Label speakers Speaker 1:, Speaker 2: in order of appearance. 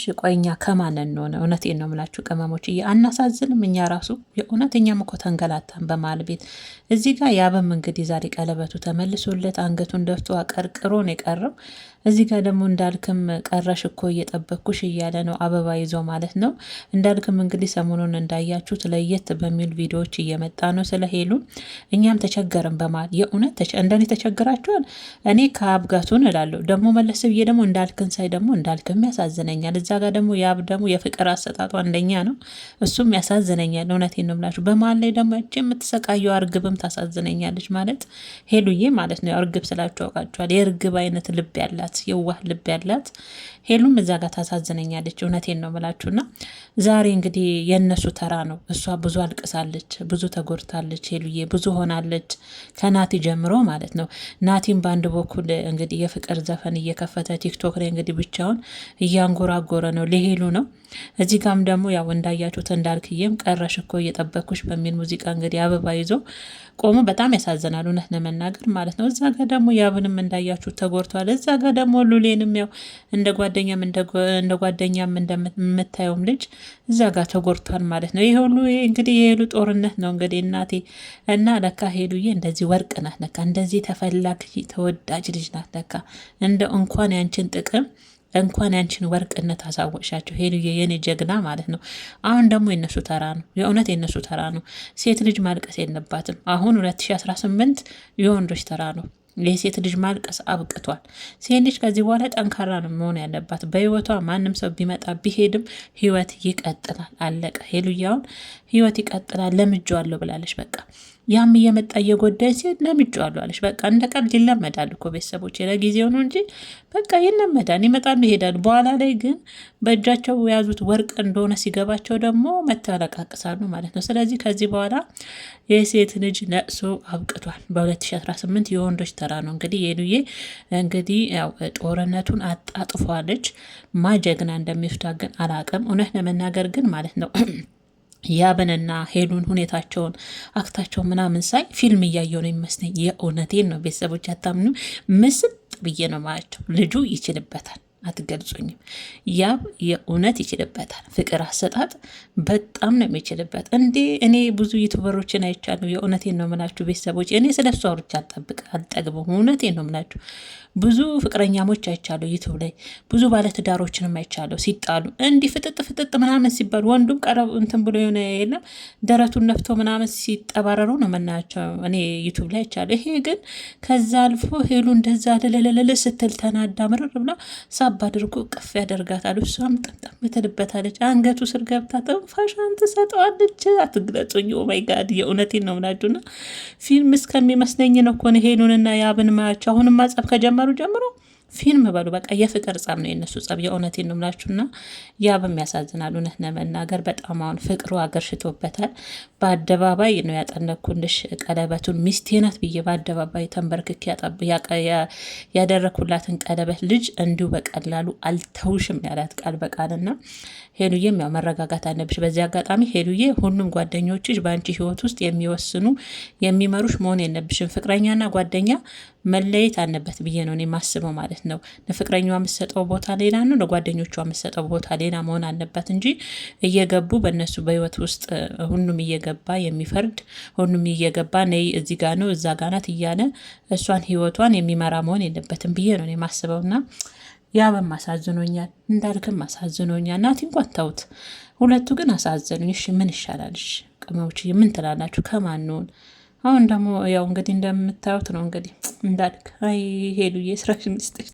Speaker 1: ሽቆኛ ቆይ እኛ ከማን እንሆን? እውነቴን ነው የምላችሁ ቅመሞች እየ አናሳዝንም? እኛ ራሱ የእውነት እኛም እኮ ተንገላታን በመሀል ቤት። እዚህ ጋር ያበም እንግዲህ ዛሬ ቀለበቱ ተመልሶለት አንገቱን ደፍቶ አቀርቅሮ ነው የቀረው። እዚህ ጋር ደግሞ እንዳልክም ቀረሽ እኮ እየጠበኩሽ እያለ ነው አበባ ይዞ ማለት ነው። እንዳልክም እንግዲህ ሰሞኑን እንዳያችሁት ለየት በሚል ቪዲዮዎች እየመጣ ነው ስለ ሄሉ። እኛም ተቸገርን በማለት የእውነት እንደኔ ተቸግራችኋል። እኔ ከአብጋቱን እላለሁ ደግሞ መለስ ብዬ ደግሞ እንዳልክን ሳይ ደግሞ እንዳልክም ያሳዝነኛል። እዛ ጋር ደግሞ የአብ ደግሞ የፍቅር አሰጣጡ አንደኛ ነው። እሱም ያሳዝነኛል። እውነቴን ነው የምላችሁ። በመሀል ላይ ደግሞ እች የምትሰቃየው እርግብም ታሳዝነኛለች ማለት ሄሉዬ ማለት ነው። እርግብ ስላችሁ አውቃችኋል። የእርግብ አይነት ልብ ያላት ያላት የዋህ ልብ ያላት ሄሉም እዛ ጋር ታሳዝነኛለች። እውነቴን ነው ምላችሁና ዛሬ እንግዲህ የእነሱ ተራ ነው። እሷ ብዙ አልቅሳለች፣ ብዙ ተጎድታለች፣ ሄሉዬ ብዙ ሆናለች። ከናቲ ጀምሮ ማለት ነው። ናቲም በአንድ በኩል እንግዲህ የፍቅር ዘፈን እየከፈተ ቲክቶክ ላይ እንግዲህ ብቻውን እያንጎራጎረ ነው፣ ለሄሉ ነው። እዚህ ጋም ደግሞ ያው እንዳያችሁት እንዳልክዬም ቀረሽ እኮ እየጠበኩሽ በሚል ሙዚቃ እንግዲህ አበባ ይዞ ቆሞ በጣም ያሳዝናል፣ እውነት ለመናገር ማለት ነው። እዛ ጋር ደግሞ ያብንም እንዳያችሁት ተጎድቷል። እዛ ጋር ደግሞ ሉሌንም ያው እንደ ጓደኛም እንደ ጓደኛም እንደምታየውም ልጅ እዛ ጋር ተጎድቷል ማለት ነው። ይሄ ሁሉ እንግዲህ የሄሉ ጦርነት ነው እንግዲህ እናቴ እና ለካ ሄሉዬ እንደዚህ ወርቅ ናት፣ ለካ እንደዚህ ተፈላጊ ተወዳጅ ልጅ ናት። ለካ እንደ እንኳን ያንችን ጥቅም እንኳን ያንቺን ወርቅነት አሳወቅሻቸው ሄሉዬ፣ የኔ ጀግና ማለት ነው። አሁን ደግሞ የነሱ ተራ ነው፣ የእውነት የነሱ ተራ ነው። ሴት ልጅ ማልቀስ የለባትም። አሁን 2018 የወንዶች ተራ ነው። የሴት ልጅ ማልቀስ አብቅቷል። ሴት ልጅ ከዚህ በኋላ ጠንካራ ነው መሆን ያለባት በህይወቷ። ማንም ሰው ቢመጣ ቢሄድም ህይወት ይቀጥላል። አለቀ። ሄሉያውን ህይወት ይቀጥላል ለምጄዋለሁ ብላለች። በቃ ያም እየመጣ እየጎዳኝ ሲሄድ ለምጄዋለሁ አለች። በቃ እንደ ቀልድ ይለመዳል እኮ ቤተሰቦች፣ ለጊዜው ነው እንጂ በቃ ይለመዳል። ይመጣሉ፣ ይሄዳሉ። በኋላ ላይ ግን በእጃቸው የያዙት ወርቅ እንደሆነ ሲገባቸው ደግሞ መተለቃቅሳሉ ማለት ነው። ስለዚህ ከዚህ በኋላ የሴት ልጅ ለቅሶ አብቅቷል። በ2018 የወንዶች ልትሰራ ነው። እንግዲህ ሄሉዬ እንግዲህ ያው ጦርነቱን አጣጥፏለች። ማጀግና እንደሚፍታ ግን አላቅም። እውነት ለመናገር ግን ማለት ነው ያብንና ሄሉን ሁኔታቸውን አክታቸው ምናምን ሳይ ፊልም እያየው ነው የሚመስለኝ። የእውነቴን ነው ቤተሰቦች አታምኑ። ምስጥ ብዬ ነው ማለቸው። ልጁ ይችልበታል አትገልጹኝም። ያብ የእውነት ይችልበታል። ፍቅር አሰጣጥ በጣም ነው የሚችልበት። እንዴ እኔ ብዙ ዩቱበሮችን አይቻለሁ። የእውነቴን ነው የምላችሁ ቤተሰቦች፣ እኔ ስለ እሱ አውርቼ አልጠብቅ አልጠግብም። እውነቴን ነው የምላችሁ ብዙ ፍቅረኛሞች አይቻለሁ ዩቱብ ላይ ብዙ ባለትዳሮችንም አይቻለሁ ሲጣሉ እንዲህ ፍጥጥ ፍጥጥ ምናምን ሲባሉ ወንዱም ቀረብ እንትን ብሎ የሆነ የለም ደረቱን ነፍቶ ምናምን ሲጠባረሩ ነው የምናያቸው። እኔ ዩቱብ ላይ አይቻለሁ። ይሄ ግን ከዛ አልፎ ሄሉ እንደዛ ልልልልል ስትል ተናዳ ምርር ብላ ጠብ አድርጎ ቅፍ ያደርጋታል። እሷም ጠምጠም ትልበታለች። አንገቱ ስር ገብታ ጥንፋሻን ትሰጠዋለች። አትግለጹኝ። ኦማይ oh ጋድ የእውነቴን ነው ምላችሁና ፊልም እስከሚመስለኝ ነው እኮ ሄኑንና ያብን ማያቸው አሁንም ማጸብ ከጀመሩ ጀምሮ ፊልም በሉ በቃ የፍቅር ጸብ ነው የነሱ ጸብ። የእውነቴን ነው የምላችሁና ያ በሚያሳዝናል። እውነት ለመናገር በጣም አሁን ፍቅሩ አገርሽቶበታል። በአደባባይ ነው ያጠነኩልሽ ቀለበቱን ሚስቴ ናት ብዬ በአደባባይ ተንበርክክ ያደረኩላትን ቀለበት ልጅ እንዲሁ በቀላሉ አልተውሽም ያላት ቃል በቃልና ሄሉዬም ያው መረጋጋት አለብሽ። በዚህ አጋጣሚ ሄሉዬ፣ ሁሉም ጓደኞችሽ በአንቺ ህይወት ውስጥ የሚወስኑ የሚመሩሽ መሆን የለብሽም። ፍቅረኛና ጓደኛ መለየት አለበት ብዬ ነው የማስበው ማለት ነው። ለፍቅረኛ የምሰጠው ቦታ ሌላ ነው፣ ለጓደኞቿ የምሰጠው ቦታ ሌላ መሆን አለበት እንጂ እየገቡ በእነሱ በህይወት ውስጥ ሁሉም እየገባ የሚፈርድ ሁሉም እየገባ ነይ እዚህ ጋ ነው እዛ ጋ ናት እያለ እሷን ህይወቷን የሚመራ መሆን የለበትም ብዬ ነው የማስበውና ያበም አሳዝኖኛል፣ እንዳልክም አሳዝኖኛል። ናቲ እንኳን ተውት፣ ሁለቱ ግን አሳዘኑኝ። እሺ ምን ይሻላል? ቅመሞች ምን ትላላችሁ? ከማን ነውን? አሁን ደግሞ ያው እንግዲህ እንደምታዩት ነው እንግዲህ እንዳልክ አይ ሄሉዬ ስራሽ ሚስጥሽ